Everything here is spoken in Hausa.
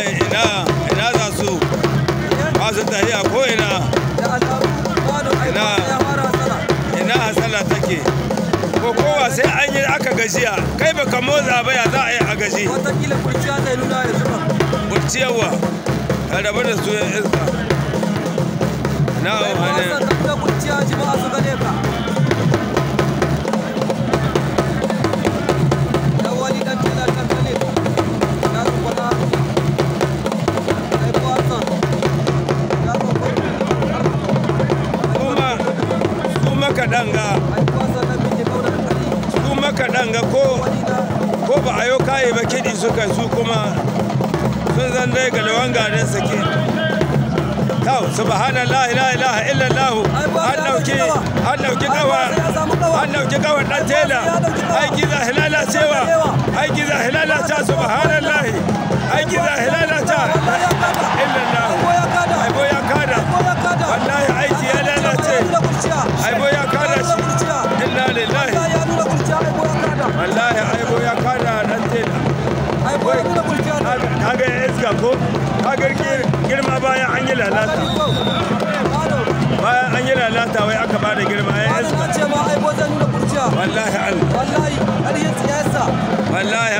wallahi ina ina za su ba su tahiya ko ina ina ina hasala take ko kowa sai an yi aka gajiya kai baka motsa ba ya za a yi a gaji wataƙila kurciya zai nuna ya zuba kurciyawa rabu da su ya iska makaɗan ga su ko ba a yau ba kiɗi suka su kuma sun zan dai ga lawan garin sake kawo subhanallah la ilaha illallah illallahu an ɗauki kawa an kawa dan tela aiki za hilala cewa aiki za hilala ta subhanallah na ga ya iska ko ka ga girma bayan an yi lalata bayan an yi lalata wai aka bada girma ya iska wallahi allah wallahi har yin tsiyasa wallahi